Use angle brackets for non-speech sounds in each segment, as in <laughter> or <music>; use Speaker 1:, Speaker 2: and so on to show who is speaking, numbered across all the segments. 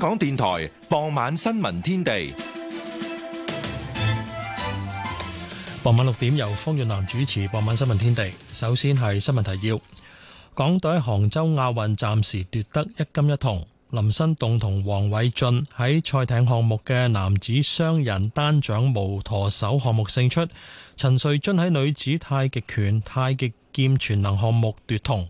Speaker 1: 港電台傍晚新聞天地。傍晚六點由方俊南主持傍晚新聞天地。首先係新聞提要。港隊杭州亞運暫時奪得一金一銅。林新棟同黃偉俊喺賽艇項目嘅男子雙人單槳無舵手項目勝出。陳瑞津喺女子太極拳太極劍全能項目奪銅。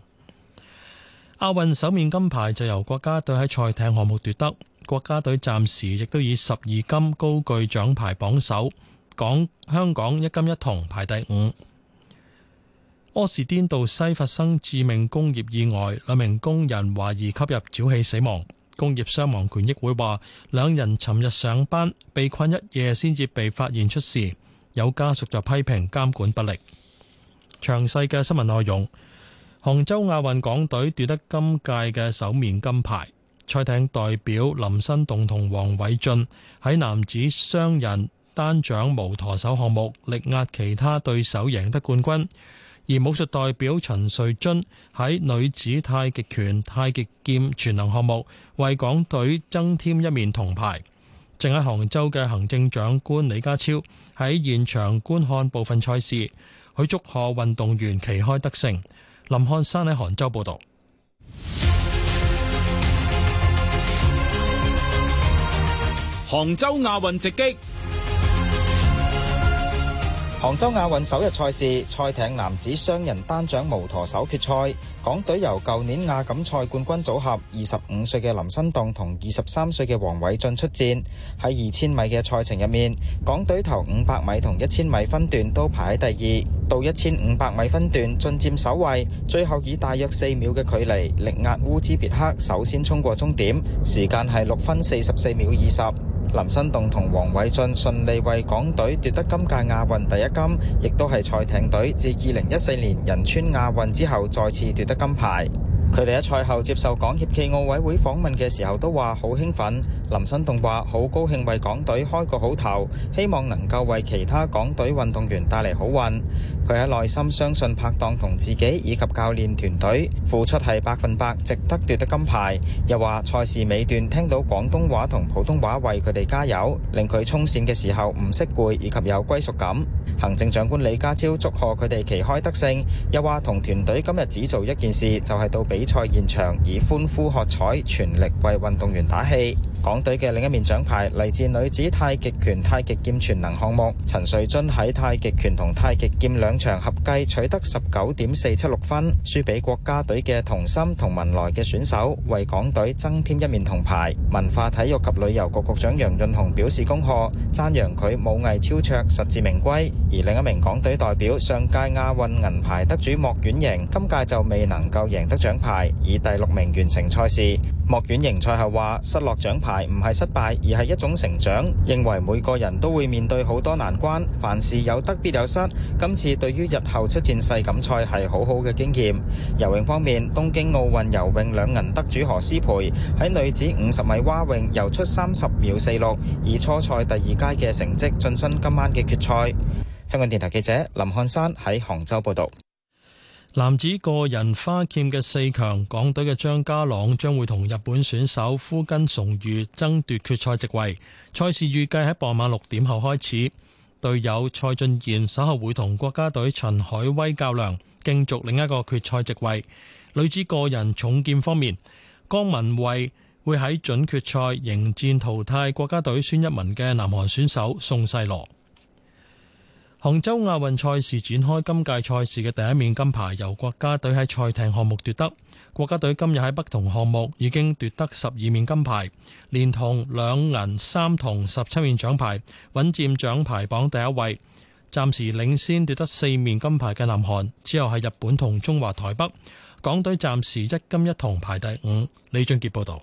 Speaker 1: 亞運首面金牌就由國家隊喺賽艇項目奪得，國家隊暫時亦都以十二金高踞獎牌榜首，港香港一金一銅排第五。柯士甸道西發生致命工業意外，兩名工人懷疑吸入沼氣死亡。工業傷亡權益會話，兩人尋日上班被困一夜，先至被發現出事。有家屬就批評監管不力。詳細嘅新聞內容。杭州亞運，港隊奪得今屆嘅首面金牌。賽艇代表林新棟同黃偉俊喺男子雙人單槳無舵手項目力壓其他對手，贏得冠軍。而武術代表陳瑞津喺女子太極拳、太極劍全能項目為港隊增添一面銅牌。正喺杭州嘅行政長官李家超喺現場觀看部分賽事，佢祝賀運動員旗開得勝。林漢生喺杭州報道。
Speaker 2: 杭州亞運直擊。杭州亞運首日賽事，賽艇男子雙人單槳無舵手決賽，港隊由舊年亞錦賽冠軍組合，二十五歲嘅林新棟同二十三歲嘅黃偉俊出戰。喺二千米嘅賽程入面，港隊頭五百米同一千米分段都排喺第二，到一千五百米分段進佔首位，最後以大約四秒嘅距離力壓烏茲別克，首先衝過終點，時間係六分四十四秒二十。林新棟同黃偉俊順利為港隊奪得今屆亞運第一金，亦都係賽艇隊自二零一四年仁川亞運之後再次奪得金牌。佢哋喺賽後接受港協暨奧委會訪問嘅時候都話好興奮。林新棟話好高興為港隊開個好頭，希望能夠為其他港隊運動員帶嚟好運。佢喺內心相信拍檔同自己以及教練團隊付出係百分百值得奪得金牌。又話賽事尾段聽到廣東話同普通話為佢哋加油，令佢衝線嘅時候唔識攰，以及有歸屬感。行政長官李家超祝賀佢哋旗開得勝，又話同團隊今日只做一件事，就係到比。比賽現場，以歡呼喝彩，全力為運動員打氣。港隊嘅另一面獎牌嚟自女子太極拳、太極劍全能項目，陳瑞津喺太極拳同太極劍兩場合計取得十九點四七六分，輸俾國家隊嘅童心同文萊嘅選手，為港隊增添一面銅牌。文化體育及旅遊局局長楊潤雄表示恭賀，讚揚佢武藝超卓，實至名歸。而另一名港隊代表上屆亞運銀牌得主莫婉瑩，今屆就未能夠贏得獎牌，以第六名完成賽事。莫婉瑩賽後話：失落獎牌。唔係失敗，而係一種成長。認為每個人都會面對好多難關，凡事有得必有失。今次對於日後出戰世錦賽係好好嘅經驗。游泳方面，東京奧運游泳兩銀得主何詩蓓，喺女子五十米蛙泳游出三十秒四六，以初賽第二佳嘅成績晉身今晚嘅決賽。香港電台記者林漢山喺杭州報道。
Speaker 1: 男子個人花劍嘅四強，港隊嘅張家朗將會同日本選手夫根崇宇爭奪決賽席位。賽事預計喺傍晚六點後開始。隊友蔡俊賢稍後會同國家隊陳海威較量，競逐另一個決賽席位。女子個人重劍方面，江文慧會喺準決賽迎戰淘汰國家隊孫一文嘅南韓選手宋世羅。杭州亞運賽事展開，今屆賽事嘅第一面金牌由國家隊喺賽艇項目奪得。國家隊今日喺不同項目已經奪得十二面金牌，連同兩銀三銅，十七面獎牌，穩佔獎牌榜第一位，暫時領先奪得四面金牌嘅南韓之後係日本同中華台北。港隊暫時一金一銅排第五。李俊傑報道。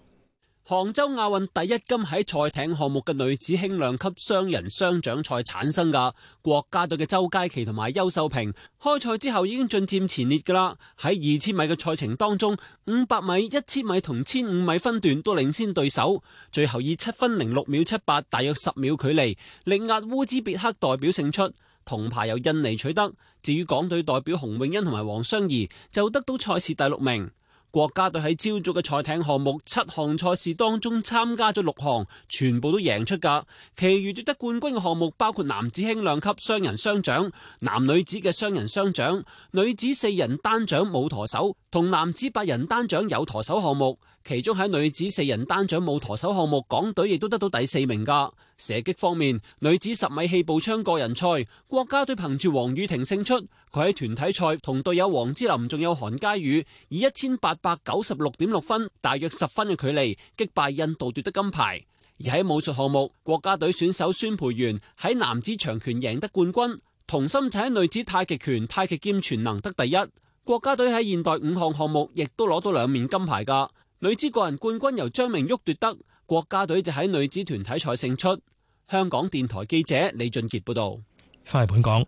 Speaker 3: 杭州亞運第一金喺賽艇項目嘅女子輕量級雙人雙槳賽產生噶，國家隊嘅周佳琪同埋邱秀萍，開賽之後已經進佔前列噶啦。喺二千米嘅賽程當中，五百米、一千米同千五米分段都領先對手，最後以七分零六秒七八，大約十秒距離力壓烏茲別克代表勝出，銅牌由印尼取得。至於港隊代表洪永恩同埋黃雙怡，就得到賽事第六名。國家隊喺朝早嘅賽艇項目七項賽事當中參加咗六項，全部都贏出㗎。其餘奪得冠軍嘅項目包括男子輕量級雙人雙槳、男女子嘅雙人雙槳、女子四人單槳冇舵手同男子八人單槳有舵手項目。其中喺女子四人單槳冇舵手項目，港隊亦都得到第四名㗎。射擊方面，女子十米氣步槍個人賽，國家隊憑住黃雨婷勝出。佢喺團體賽同隊友王之琳，仲有韓佳宇，以一千八百九十六點六分，大約十分嘅距離擊敗印度奪得金牌。而喺武術項目，國家隊選手孫培元喺男子長拳贏得冠軍，同心就喺女子太極拳太極劍全能得第一。國家隊喺現代五項項目亦都攞到兩面金牌噶，女子個人冠軍由張明旭奪得。國家隊就喺女子團體賽勝出。香港電台記者李俊傑報道。
Speaker 1: 翻嚟，本港，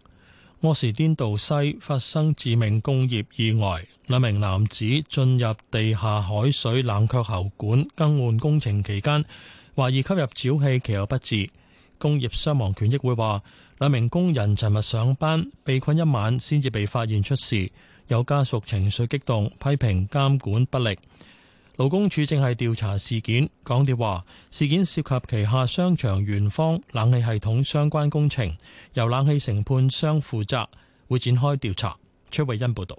Speaker 1: 柯士甸道西發生致命工業意外，兩名男子進入地下海水冷卻喉管更換工程期間，懷疑吸入沼氣，其後不治。工業傷亡權益會話，兩名工人尋日上班，被困一晚，先至被發現出事。有家屬情緒激動，批評監管不力。勞工處正係調查事件，港鐵話事件涉及旗下商場圓方冷氣系統相關工程，由冷氣承判商負責，會展開調查。崔慧欣報道。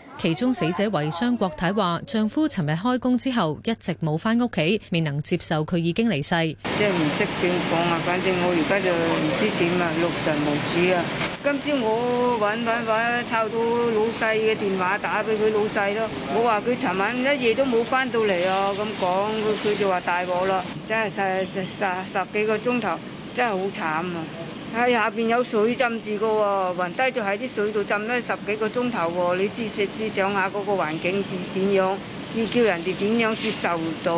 Speaker 4: 其中死者為商國太話，丈夫尋日開工之後一直冇翻屋企，未能接受佢已經離世。
Speaker 5: 即係唔識點講啊，反正我而家就唔知點啊，六神無主啊。今朝我搵搵搵，湊到老細嘅電話打俾佢老細咯。我話佢尋晚一夜都冇翻到嚟啊，咁講佢佢就話大鑊啦，真係十十十十幾個鐘頭，真係好慘啊！喺、哎、下邊有水浸住個喎，暈低就喺啲水度浸咗十幾個鐘頭喎，你試試試想下嗰個環境點點樣，要叫人哋點樣接受到。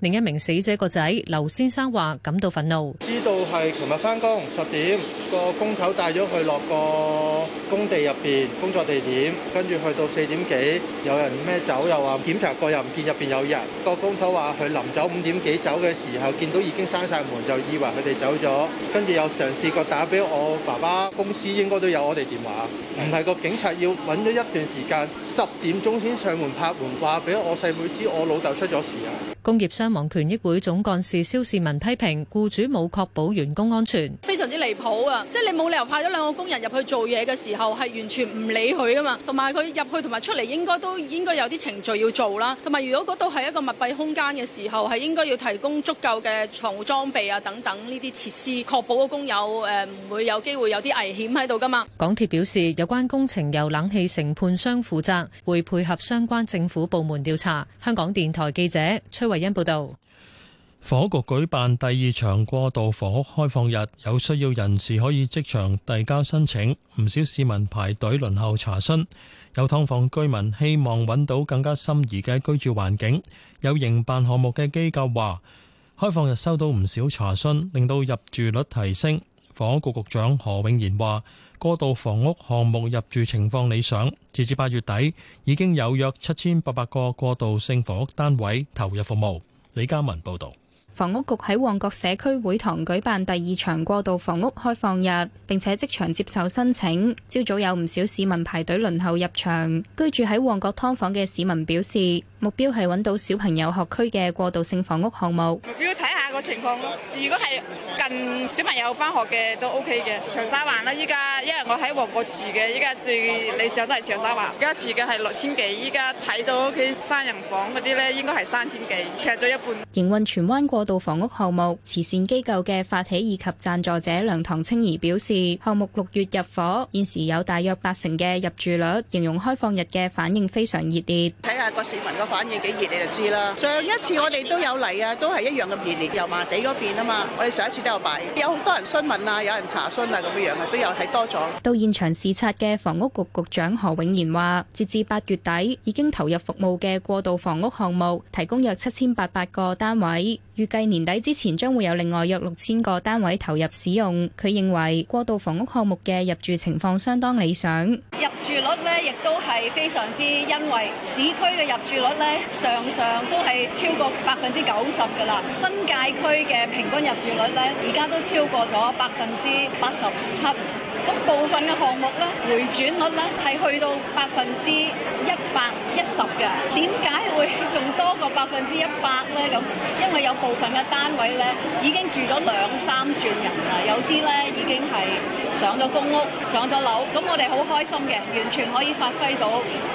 Speaker 4: 另一名死者個仔劉先生話感到憤怒，
Speaker 1: 知道係琴日翻工十點，個工頭帶咗佢落個工地入邊工作地點，跟住去到四點幾有人咩走，又話檢查過又唔見入邊有人。個工頭話佢臨走五點幾走嘅時候見到已經閂晒門，就以為佢哋走咗，跟住又嘗試過打俾我爸爸公司，應該都有我哋電話，唔係，個警察，要揾咗一段時間十點鐘先上門拍門，話俾我細妹知我老豆出咗事啊。
Speaker 4: 工業傷亡權益會總幹事蕭倩文批評僱主冇確保員工安全，
Speaker 5: 非常之離譜啊！即係你冇理由派咗兩個工人入去做嘢嘅時候，係完全唔理佢吖嘛？同埋佢入去同埋出嚟應該都應該有啲程序要做啦。同埋如果嗰度係一個密閉空間嘅時候，係應該要提供足夠嘅防護裝備啊等等呢啲設施，確保個工友誒唔會有機會有啲危險喺度噶嘛？
Speaker 4: 港鐵表示，有關工程由冷氣承判商負責，會配合相關政府部門調查。香港電台記者崔慧維恩報道，
Speaker 1: 房屋局舉辦第二場過渡房屋開放日，有需要人士可以即場遞交申請。唔少市民排隊輪候查詢，有劏房居民希望搵到更加心儀嘅居住環境。有營辦項目嘅機構話，開放日收到唔少查詢，令到入住率提升。房屋局局長何永賢話。過渡房屋項目入住情況理想，截至八月底，已經有約七千八百個過渡性房屋單位投入服務。李嘉文報道。
Speaker 6: 房屋局喺旺角社區會堂舉辦第二場過渡房屋開放日，並且即場接受申請。朝早有唔少市民排隊輪候入場。居住喺旺角劏房嘅市民表示，目標係揾到小朋友學區嘅過渡性房屋項目。
Speaker 7: 目標睇下個情況咯，如果係近小朋友翻學嘅都 OK 嘅。長沙灣啦，依家因為我喺旺角住嘅，依家最理想都係長沙灣。依家住嘅係六千幾，依家睇到屋企三人房嗰啲咧，應該係三千幾，劈
Speaker 6: 咗一半。營運荃灣過渡房屋項目慈善機構嘅發起以及贊助者梁唐青怡表示，項目六月入伙，現時有大約八成嘅入住率，形容開放日嘅反應非常熱烈。
Speaker 5: 睇下個市民反應幾熱你就知啦。上一次我哋都有嚟啊，都係一樣嘅熱烈，油麻地嗰邊啊嘛。我哋上一次都有擺，有好多人詢問啊，有人查詢啊咁嘅樣，係都有睇多咗。
Speaker 6: 到現場視察嘅房屋局局長何永賢話，截至八月底，已經投入服務嘅過渡房屋項目，提供約七千八百個單位。預計年底之前將會有另外約六千個單位投入使用。佢認為過渡房屋項目嘅入住情況相當理想，
Speaker 5: 入住率呢亦都係非常之，因為市區嘅入住率呢常常都係超過百分之九十㗎啦。新界區嘅平均入住率呢而家都超過咗百分之八十七。部分嘅項目咧，回轉率咧係去到百分之一百一十嘅，點解會仲多過百分之一百咧？咁因為有部分嘅單位咧已經住咗兩三轉人啦，有啲咧已經係上咗公屋，上咗樓，咁我哋好開心嘅，完全可以發揮到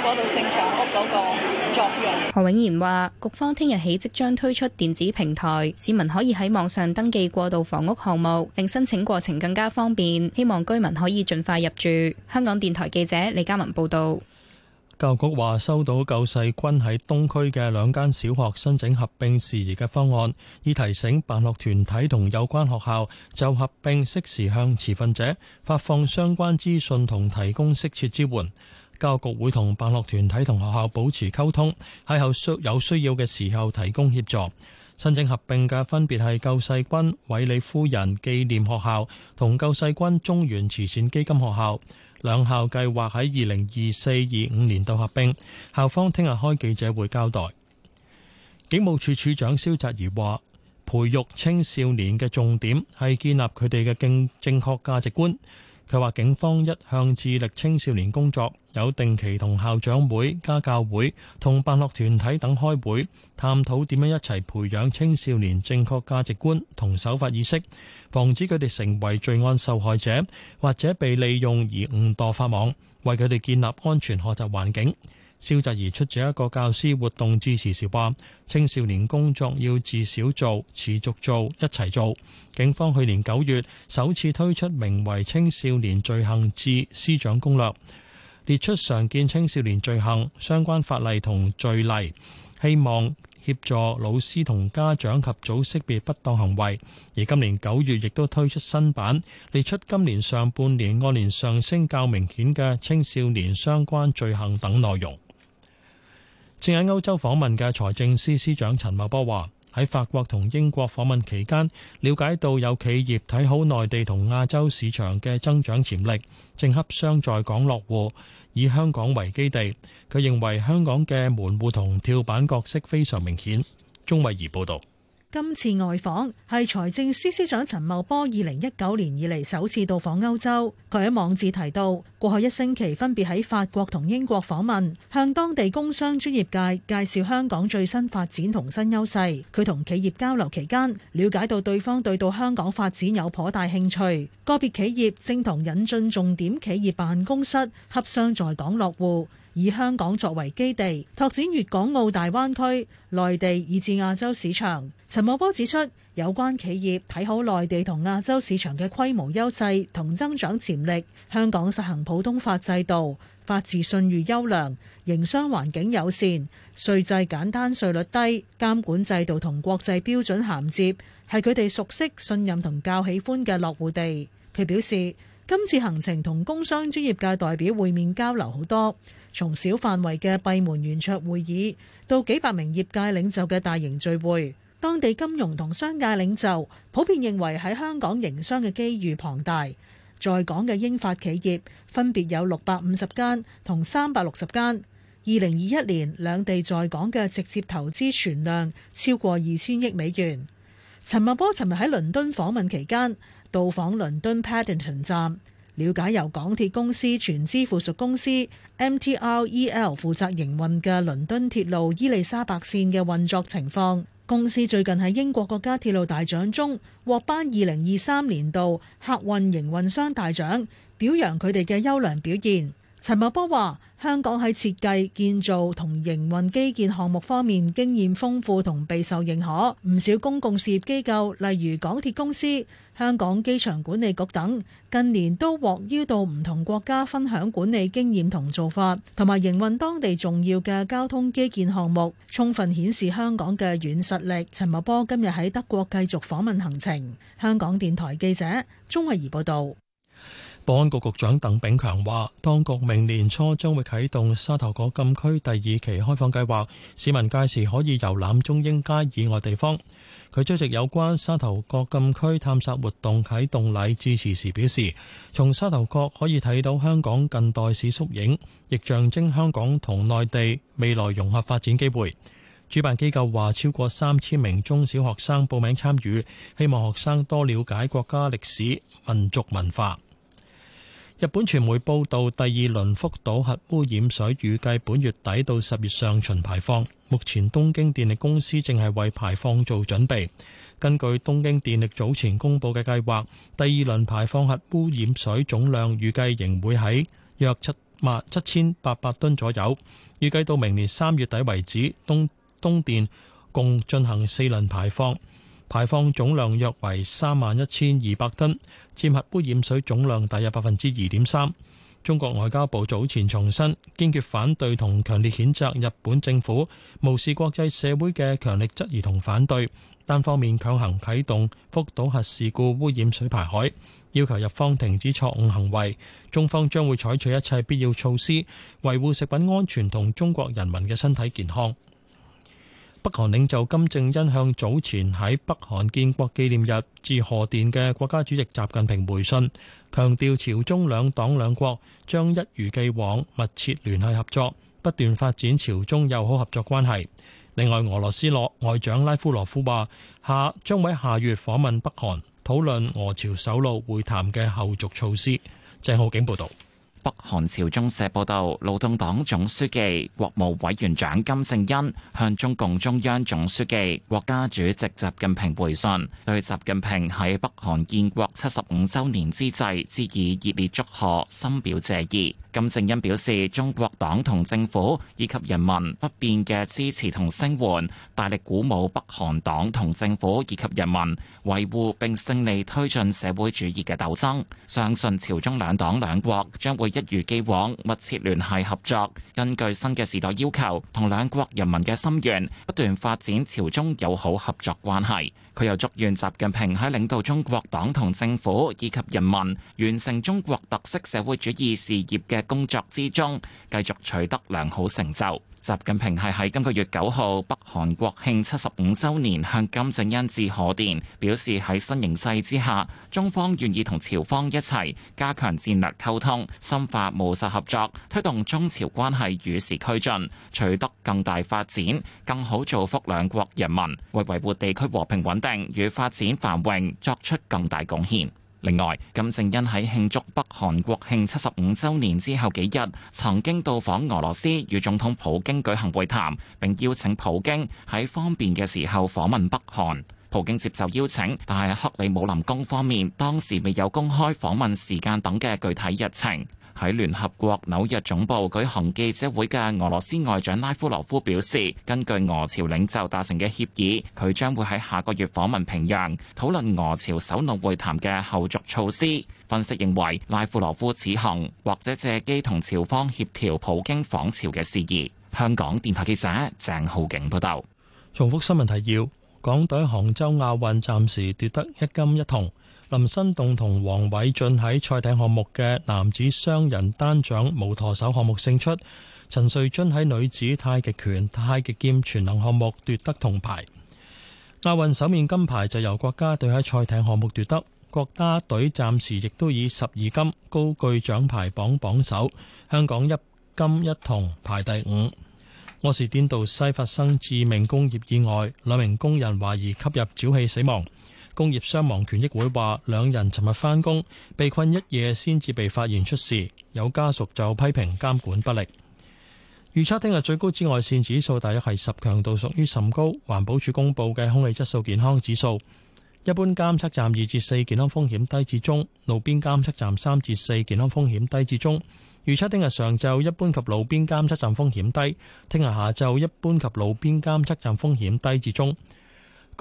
Speaker 5: 過渡性房屋嗰個作用。
Speaker 6: 何永賢話局方聽日起即將推出電子平台，市民可以喺網上登記過渡房屋項目，令申請過程更加方便。希望居民。可以盡快入住。香港電台記者李嘉文報道。
Speaker 1: 教育局話收到救世軍喺東區嘅兩間小學申請合併事宜嘅方案，以提醒辦學團體同有關學校就合併適時向持份者發放相關資訊同提供適切支援。教育局會同辦學團體同學校保持溝通，喺後需有需要嘅時候提供協助。申請合併嘅分別係救世軍、韋理夫人紀念學校同救世軍中原慈善基金學校，兩校計劃喺二零二四二五年度合併。校方聽日開記者會交代。警務處處長蕭澤頤話：培育青少年嘅重點係建立佢哋嘅正正確價值觀。佢話：警方一向致力青少年工作，有定期同校長會、家教會、同辦學團體等開會，探討點樣一齊培養青少年正確價值觀同守法意識，防止佢哋成為罪案受害者，或者被利用而誤墮法網，為佢哋建立安全學習環境。蕭澤頤出席一個教師活動致辭時話，青少年工作要至少做，持續做，一齊做。警方去年九月首次推出名為《青少年罪行致師長攻略》，列出常見青少年罪行、相關法例同罪例，希望協助老師同家長及早識別不當行為，而今年九月亦都推出新版，列出今年上半年按年上升較明顯嘅青少年相關罪行等內容。正喺歐洲訪問嘅財政司司長陳茂波話：喺法國同英國訪問期間，了解到有企業睇好內地同亞洲市場嘅增長潛力，正洽商在港落戶，以香港為基地。佢認為香港嘅門戶同跳板角色非常明顯。鍾慧儀報導。
Speaker 5: 今次外訪，係財政司司長陳茂波二零一九年以嚟首次到訪歐洲。佢喺網誌提到，過去一星期分別喺法國同英國訪問，向當地工商專業界介紹香港最新發展同新優勢。佢同企業交流期間，了解到對方對到香港發展有頗大興趣。個別企業正同引進重點企業辦公室洽商在港落戶。以香港作為基地，拓展粵港澳大灣區、內地以至亞洲市場。陳茂波指出，有關企業睇好內地同亞洲市場嘅規模優勢同增長潛力。香港實行普通法制度，法治信譽優良，良，營商環境友善，稅制簡單，稅率低，監管制度同國際標準銜接，係佢哋熟悉、信任同較喜歡嘅落戶地。佢表示，今次行程同工商專業界代表會面交流好多。從小範圍嘅閉門圓桌會議到幾百名業界領袖嘅大型聚會，當地金融同商界領袖普遍認為喺香港營商嘅機遇龐大。在港嘅英法企業分別有六百五十間同三百六十間。二零二一年兩地在港嘅直接投資存量超過二千億美元。陳茂波尋日喺倫敦訪問期間，到訪倫敦 Paddington 站。了解由港鐵公司全資附屬公司 MTREL 負責營運嘅倫敦鐵路伊麗莎白線嘅運作情況。公司最近喺英國國家鐵路大獎中獲頒二零二三年度客運營運商大獎，表揚佢哋嘅優良表現。陳茂波話：香港喺設計、建造同營運基建項目方面經驗豐富同備受認可，唔少公共事業機構，例如港鐵公司、香港機場管理局等，近年都獲邀到唔同國家分享管理經驗同做法，同埋營運當地重要嘅交通基建項目，充分顯示香港嘅軟實力。陳茂波今日喺德國繼續訪問行程。香港電台記者，鐘慧儀報道。
Speaker 1: 保安局局長鄧炳強話，當局明年初將會啟動沙頭角禁區第二期開放計劃，市民屆時可以遊覽中英街以外地方。佢出席有關沙頭角禁區探索活動啟動禮致辭時表示，從沙頭角可以睇到香港近代史縮影，亦象徵香港同內地未來融合發展機會。主辦機構話，超過三千名中小學生報名參與，希望學生多了解國家歷史、民族文化。日本傳媒報道，第二輪福島核污染水預計本月底到十月上旬排放。目前東京電力公司正係為排放做準備。根據東京電力早前公布嘅計劃，第二輪排放核污染水總量預計仍會喺約七萬七千八百噸左右。預計到明年三月底為止，東東電共進行四輪排放。排放總量約為三萬一千二百噸，佔核污染水總量大約百分之二點三。中國外交部早前重申，堅決反對同強烈譴責日本政府無視國際社會嘅強烈質疑同反對，單方面強行啟動福島核事故污染水排海，要求日方停止錯誤行為。中方將會採取一切必要措施，維護食品安全同中國人民嘅身體健康。北韓領袖金正恩向早前喺北韓建國紀念日致賀電嘅國家主席習近平回信，強調朝中兩黨兩國將一如既往密切聯繫合作，不斷發展朝中友好合作關係。另外，俄羅斯洛外長拉夫羅夫話，下將會下月訪問北韓，討論俄朝首腦會談嘅後續措施。鄭浩景報道。
Speaker 8: 北韓朝中社報導，勞動黨總書記、國務委員長金正恩向中共中央總書記、國家主席習近平回信，對習近平喺北韓建國七十五週年之際致以熱烈祝賀，深表謝意。金正恩表示，中國黨同政府以及人民不變嘅支持同聲援，大力鼓舞北韓黨同政府以及人民。維護並勝利推進社會主義嘅鬥爭，相信朝中兩黨兩國將會一如既往密切聯繫合作，根據新嘅時代要求同兩國人民嘅心願不斷發展朝中友好合作關係。佢又祝願習近平喺領導中國黨同政府以及人民完成中國特色社會主義事業嘅工作之中，繼續取得良好成就。習近平係喺今個月九號北韓國慶七十五週年向金正恩致賀電，表示喺新形勢之下，中方願意同朝方一齊加強戰略溝通，深化務實合作，推動中朝關係與時俱進，取得更大發展，更好造福兩國人民，為維護地區和平穩定與發展繁榮作出更大貢獻。另外，金正恩喺慶祝北韓國慶七十五週年之後幾日，曾經到訪俄羅斯，與總統普京舉行會談，並邀請普京喺方便嘅時候訪問北韓。普京接受邀請，但係克里姆林宮方面當時未有公開訪問時間等嘅具體日程。喺聯合國紐約總部舉行記者會嘅俄羅斯外長拉夫羅夫表示，根據俄朝領袖達成嘅協議，佢將會喺下個月訪問平壤，討論俄朝首腦會談嘅後續措施。分析認為，拉夫羅夫此行或者借機同朝方協
Speaker 1: 調普京訪朝嘅事宜。香港電台記者鄭浩景報道。重複新聞提要：港隊杭州亞運暫時奪得一金一銅。林新棟同黃偉俊喺賽艇項目嘅男子雙人單槳無舵手項目勝出，陳瑞津喺女子太極拳太極劍全能項目奪得銅牌。亞運首面金牌就由國家隊喺賽艇項目奪得，國家隊暫時亦都以十二金高居獎牌榜榜首，香港一金一銅排第五。我是電鍍西發生致命工業意外，兩名工人懷疑吸入沼氣死亡。工業傷亡權益會話，兩人尋日返工被困一夜，先至被發現出事。有家屬就批評監管不力。預測聽日最高紫外線指數大約係十，強度屬於甚高。環保署公布嘅空氣質素健康指數，一般監測站二至四，健康風險低至中；路邊監測站三至四，健康風險低至中。預測聽日上晝一般及路邊監測站風險低，聽日下晝一般及路邊監測站風險低至中。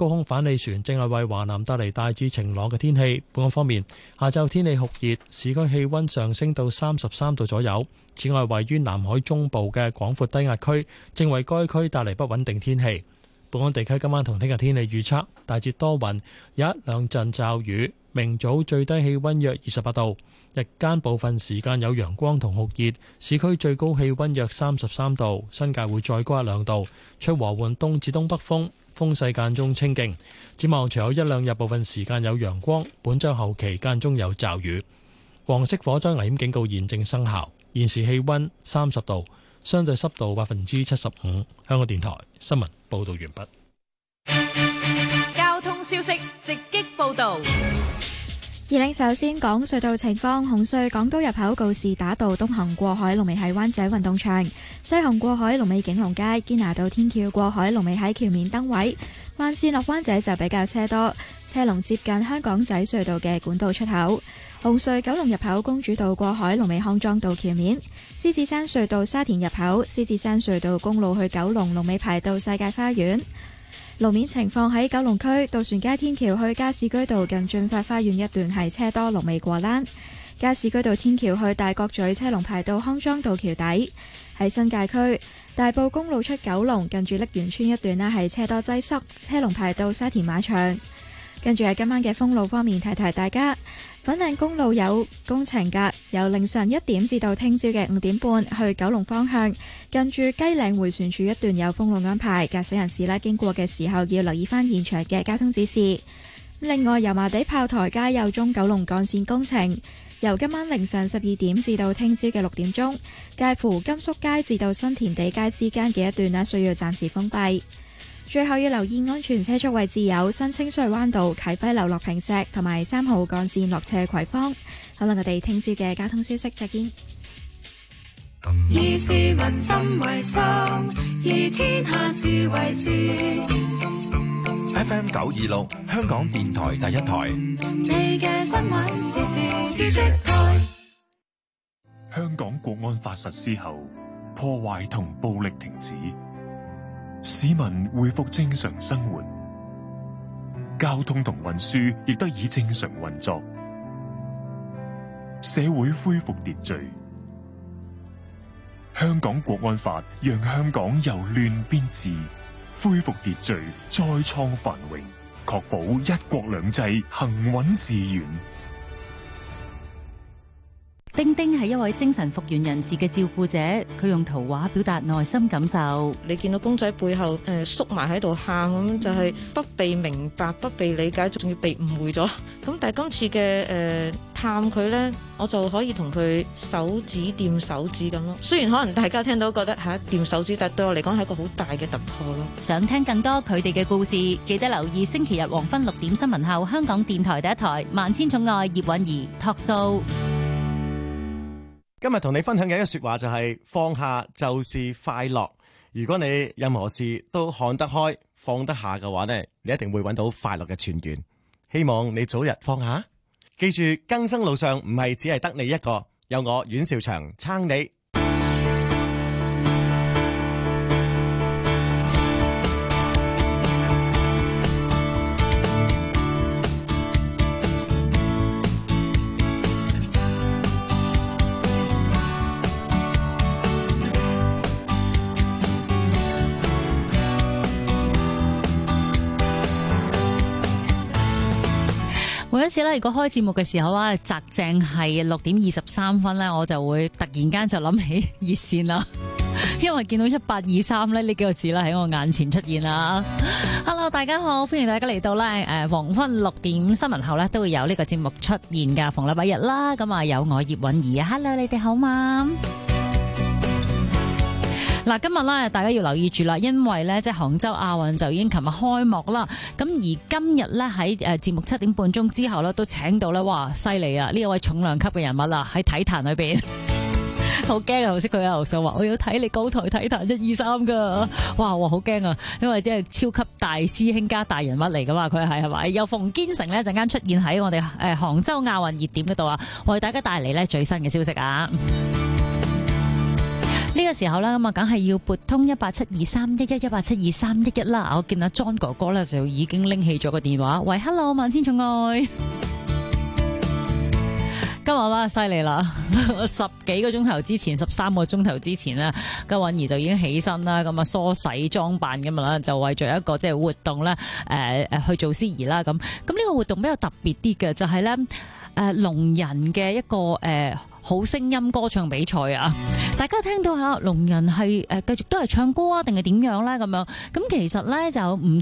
Speaker 1: 高空反氣旋正係為華南帶嚟大致晴朗嘅天氣。本港方面，下晝天氣酷熱，市區氣溫上升到三十三度左右。此外，位於南海中部嘅廣闊低壓區正為該區帶嚟不穩定天氣。本港地區今晚同聽日天氣預測大致多雲，有一兩陣驟雨。明早最低氣溫約二十八度，日間部分時間有陽光同酷熱，市區最高氣溫約三十三度，新界會再高一兩度，出和緩東至東北風。風勢間中清勁，展望除咗有一兩日部分時間有陽光，本周後期間中有驟雨。黃色火災危險警告現正生效。現時氣温三十度，相對濕度百分之七十五。香港電台新聞報道完畢。
Speaker 4: 交通消息直擊報道。
Speaker 7: 二零，首先講隧道情況，紅隧港島入口告士打道東行過海龍尾喺灣仔運動場，西行過海龍尾景隆街；堅拿道天橋過海龍尾喺橋面燈位。慢綫落灣仔就比較車多，車龍接近香港仔隧道嘅管道出口。紅隧九龍入口公主道過海龍尾康莊道橋面。獅子山隧道沙田入口，獅子山隧道公路去九龍龍尾排到世界花園。路面情況喺九龍區渡船街天橋去加士居道近進發花園一段係車多龍尾過欄，加士居道天橋去大角咀車龍排到康莊道橋底；喺新界區大埔公路出九龍近住瀝源村一段呢係車多擠塞，車龍排到沙田馬場。跟住喺今晚嘅封路方面，提提大家，粉嶺公路有工程噶，由凌晨一點至到聽朝嘅五點半去九龍方向，近住雞嶺回旋處一段有封路安排，駕駛人士咧，經過嘅時候要留意翻現場嘅交通指示。另外，油麻地炮台街有中九龍幹線工程，由今晚凌晨十二點至到聽朝嘅六點鐘，介乎甘肅街至到新填地街之間嘅一段咧，需要暫時封閉。最後要留意安全車速位置，有新清水灣道啟輝流落坪石，同埋三號幹線落斜葵芳。好啦，我哋聽朝嘅交通消息再見。
Speaker 8: 以市民心為心，以天下事
Speaker 1: 為事。 <music> FM 九二六，香港電台第一台。
Speaker 8: <music> 你嘅
Speaker 6: 新聞
Speaker 5: 時事
Speaker 4: 知識台。
Speaker 1: <music> 香港國安法實施後，破壞同暴力停止。市民恢復正常生活，交通同運輸亦得以正常運作，社會恢復秩序。香港國安法讓香港由亂變治，恢復秩序，再創繁榮，確保一國兩制行穩致遠。
Speaker 9: 丁丁係一位精神復原人士嘅照顧者，
Speaker 5: 佢用圖畫表達內心感受。你見到公仔背後誒縮埋喺度喊咁，就係、是、不被明白、不被理解，仲要被誤會咗。咁 <laughs> 但係今次嘅誒、呃、探佢咧，我就可以同佢手指掂手指咁咯。雖然可能大家聽到覺得吓掂手指，但係對我嚟講係一個好大嘅突破咯。
Speaker 9: 想聽更多佢哋嘅故事，記得留意星期日黃昏六點新聞後，香港電台第一台《萬千寵愛葉韻儀》托數。
Speaker 1: 今日同你分享嘅一個說話就係、是，放下就是快樂。如果你任何事都看得開，放得下嘅話呢，你一定會揾到快樂嘅泉源。希望你早日放下。記住，更生路上唔係只係得你一個，有我阮兆祥撐你。
Speaker 9: 有一次咧，如果開節目嘅時候啊，擇正係六點二十三分咧，我就會突然間就諗起熱線啦， <laughs> 因為見到一八二三咧呢幾個字咧喺我眼前出現啦。Hello，大家好，歡迎大家嚟到咧，誒，黃昏六點新聞後咧都會有呢個節目出現噶，逢禮拜日啦，咁啊有我葉韻儀啊，Hello，你哋好嘛？嗱，今日咧，大家要留意住啦，因為咧，即係杭州亞運就已經琴日開幕啦。咁而今日咧，喺誒節目七點半鐘之後咧，都請到咧，哇，犀利啊！呢一位重量級嘅人物啊，喺體壇裏邊，好驚啊！頭先佢阿劉叔話我要睇你高台體壇一二三噶，哇，好驚啊！因為即係超級大師兄加大人物嚟噶嘛，佢係係咪？由馮堅成咧陣間出現喺我哋誒杭州亞運熱點嗰度啊，為大家帶嚟呢最新嘅消息啊！呢個時候啦，咁啊，梗係要撥通一八七二三一一一八七二三一一啦。我見阿莊哥哥咧就已經拎起咗個電話，喂，Hello，萬千寵愛。今日我啦犀利啦， <laughs> 十幾個鐘頭之前， <laughs> 十三個鐘頭之前啦，金婉儀就已經起身啦，咁啊梳洗裝扮咁啊啦，就為咗一個即係活動咧，誒、呃、誒去做司儀啦。咁咁呢個活動比較特別啲嘅，就係咧誒聾人嘅一個誒。呃好聲音歌唱比賽啊！大家聽到吓，聾人係誒繼續都係唱歌啊，定係點樣咧？咁樣咁其實咧就唔。